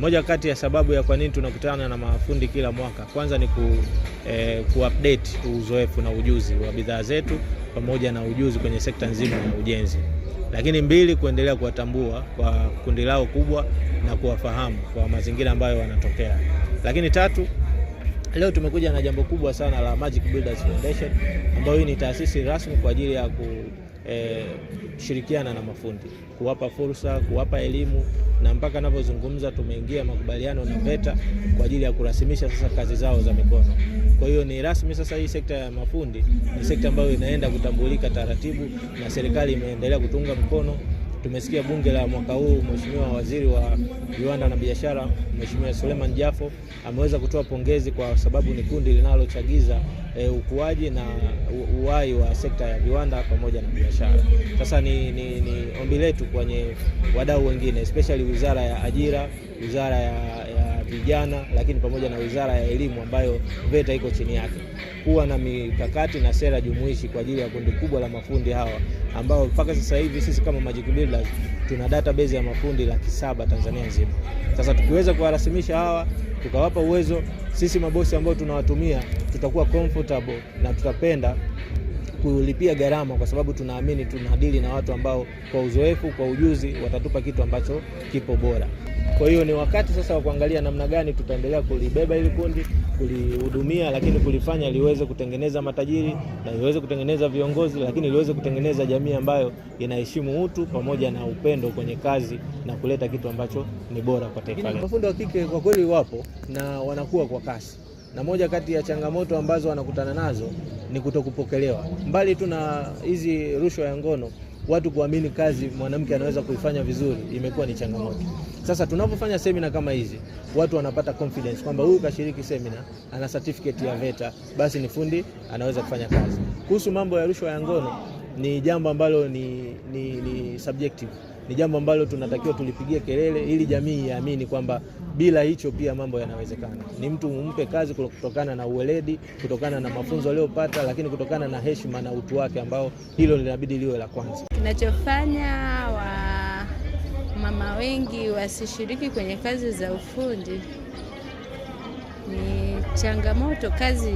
Moja kati ya sababu ya kwa nini tunakutana na mafundi kila mwaka, kwanza ni ku, eh, kuupdate uzoefu na ujuzi wa bidhaa zetu pamoja na ujuzi kwenye sekta nzima ya ujenzi, lakini mbili, kuendelea kuwatambua kwa kundi lao kubwa na kuwafahamu kwa mazingira ambayo wanatokea, lakini tatu Leo tumekuja na jambo kubwa sana la Magic Builders Foundation ambayo hii ni taasisi rasmi kwa ajili ya eh, kushirikiana na mafundi, kuwapa fursa, kuwapa elimu, na mpaka anavyozungumza tumeingia makubaliano na VETA kwa ajili ya kurasimisha sasa kazi zao za mikono. Kwa hiyo ni rasmi sasa, hii sekta ya mafundi ni sekta ambayo inaenda kutambulika taratibu, na serikali imeendelea kutunga mkono tumesikia bunge la mwaka huu, Mheshimiwa Waziri wa Viwanda na Biashara, Mheshimiwa Suleiman Jafo ameweza kutoa pongezi kwa sababu ni kundi linalochagiza e, ukuaji na uhai wa sekta ya viwanda pamoja na biashara. Sasa ni, ni, ni ombi letu kwenye wadau wengine especially Wizara ya Ajira wizara ya, ya vijana, lakini pamoja na wizara ya elimu ambayo VETA iko chini yake, kuwa na mikakati na sera jumuishi kwa ajili ya kundi kubwa la mafundi hawa ambao mpaka sasa hivi sisi kama Magic Builders tuna database ya mafundi laki saba Tanzania nzima. Sasa tukiweza kuwarasimisha hawa tukawapa uwezo, sisi mabosi ambao tunawatumia tutakuwa comfortable na tutapenda kulipia gharama, kwa sababu tunaamini tunadili na watu ambao kwa uzoefu, kwa ujuzi watatupa kitu ambacho kipo bora. Kwa hiyo ni wakati sasa wa kuangalia namna gani tutaendelea kulibeba hili kundi, kulihudumia, lakini kulifanya liweze kutengeneza matajiri na liweze kutengeneza viongozi, lakini liweze kutengeneza jamii ambayo inaheshimu utu pamoja na upendo kwenye kazi na kuleta kitu ambacho ni bora kwa taifa letu. Mafundi wa kike kwa kweli wapo na wanakuwa kwa kasi na moja kati ya changamoto ambazo wanakutana nazo ni kutokupokelewa. Mbali tu na hizi rushwa ya ngono, watu kuamini kazi mwanamke anaweza kuifanya vizuri imekuwa ni changamoto. Sasa tunapofanya semina kama hizi, watu wanapata confidence kwamba huyu kashiriki semina, ana certificate ya VETA, basi ni fundi, anaweza kufanya kazi. Kuhusu mambo ya rushwa ya ngono, ni jambo ambalo ni, ni, ni subjective ni jambo ambalo tunatakiwa tulipigie kelele, ili jamii iamini kwamba bila hicho pia mambo yanawezekana. Ni mtu umpe kazi kutokana na uweledi, kutokana na mafunzo aliyopata, lakini kutokana na heshima na utu wake, ambao hilo linabidi liwe la kwanza. Kinachofanya wamama wengi wasishiriki kwenye kazi za ufundi ni changamoto. Kazi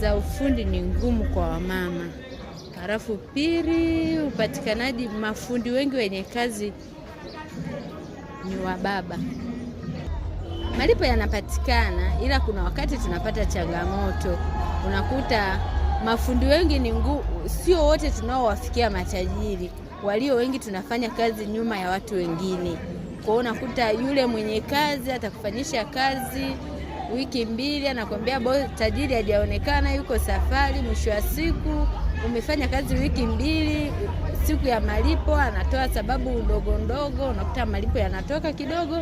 za ufundi ni ngumu kwa wamama. Halafu pili, upatikanaji mafundi wengi wenye kazi ni wa baba. Malipo yanapatikana, ila kuna wakati tunapata changamoto. Unakuta mafundi wengi ni ngumu, sio wote tunaowafikia matajiri. Walio wengi tunafanya kazi nyuma ya watu wengine, kwa hiyo unakuta yule mwenye kazi atakufanyisha kazi wiki mbili, anakwambia boy tajiri hajaonekana, yuko safari. Mwisho wa siku umefanya kazi wiki mbili, siku ya malipo anatoa sababu ndogo ndogo, unakuta malipo yanatoka kidogo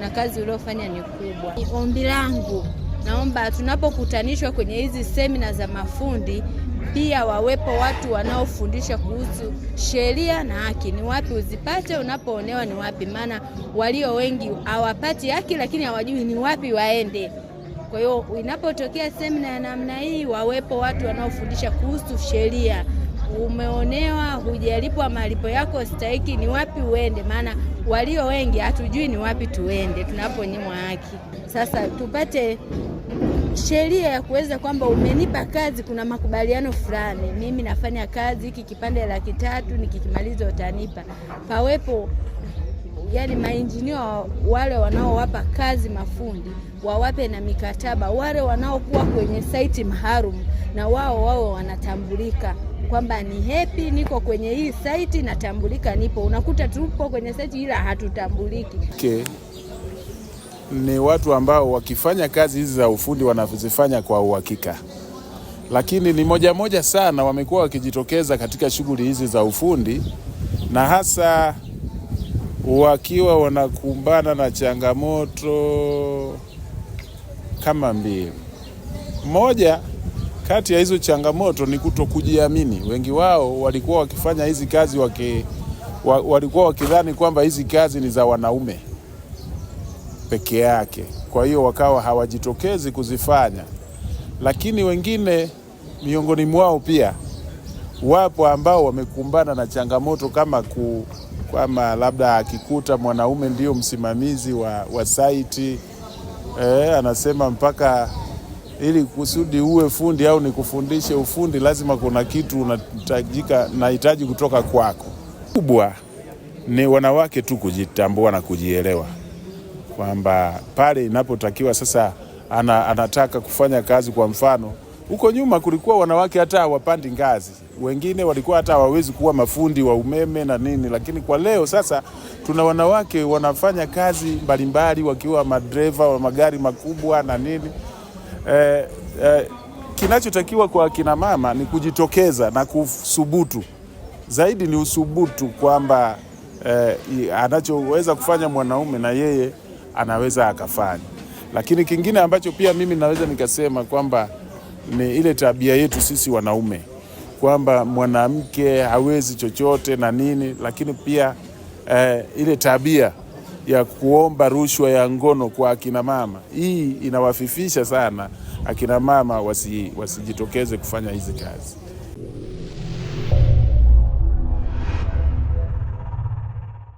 na kazi uliofanya ni kubwa. Ni ombi langu, naomba tunapokutanishwa kwenye hizi semina za mafundi pia wawepo watu wanaofundisha kuhusu sheria na haki, ni wapi uzipate unapoonewa, ni wapi maana walio wengi hawapati haki, lakini hawajui ni wapi waende. Kwa hiyo inapotokea semina ya namna hii, wawepo watu wanaofundisha kuhusu sheria. Umeonewa, hujalipwa malipo yako stahiki, ni wapi uende? Maana walio wengi hatujui ni wapi tuende tunaponyimwa haki. Sasa tupate sheria ya kuweza kwamba umenipa kazi, kuna makubaliano fulani, mimi nafanya kazi, hiki kipande laki tatu, nikikimaliza utanipa. Pawepo yani mainjinia wale wanaowapa kazi mafundi wawape na mikataba, wale wanaokuwa kwenye saiti maharum na wao wao wanatambulika kwamba ni hepi, niko kwenye hii saiti natambulika, nipo. Unakuta tupo kwenye saiti ila hatutambuliki. Okay. Ni watu ambao wakifanya kazi hizi za ufundi wanazifanya kwa uhakika, lakini ni moja moja sana wamekuwa wakijitokeza katika shughuli hizi za ufundi na hasa wakiwa wanakumbana na changamoto kama mbili. Moja kati ya hizo changamoto ni kuto kujiamini. Wengi wao walikuwa wakifanya hizi kazi waki, wa, walikuwa wakidhani kwamba hizi kazi ni za wanaume peke yake, kwa hiyo wakawa hawajitokezi kuzifanya. Lakini wengine miongoni mwao pia wapo ambao wamekumbana na changamoto kama ku kwamba labda akikuta mwanaume ndio msimamizi wa, wa saiti e, anasema mpaka ili kusudi uwe fundi au nikufundishe ufundi lazima kuna kitu unahitajika nahitaji kutoka kwako. Kubwa ni wanawake tu kujitambua na kujielewa kwamba pale inapotakiwa sasa ana, anataka kufanya kazi kwa mfano huko nyuma kulikuwa wanawake hata hawapandi ngazi, wengine walikuwa hata hawawezi kuwa mafundi wa umeme na nini, lakini kwa leo sasa tuna wanawake wanafanya kazi mbalimbali wakiwa madereva wa magari makubwa na nini. Eh, eh, kinachotakiwa kwa kina mama ni kujitokeza na kusubutu, Zaidi ni uthubutu kwamba eh, anachoweza kufanya mwanaume na yeye anaweza akafanya, lakini kingine ambacho pia mimi naweza nikasema kwamba ni ile tabia yetu sisi wanaume kwamba mwanamke hawezi chochote na nini, lakini pia eh, ile tabia ya kuomba rushwa ya ngono kwa akina mama, hii inawafifisha sana akina mama wasi, wasijitokeze kufanya hizi kazi.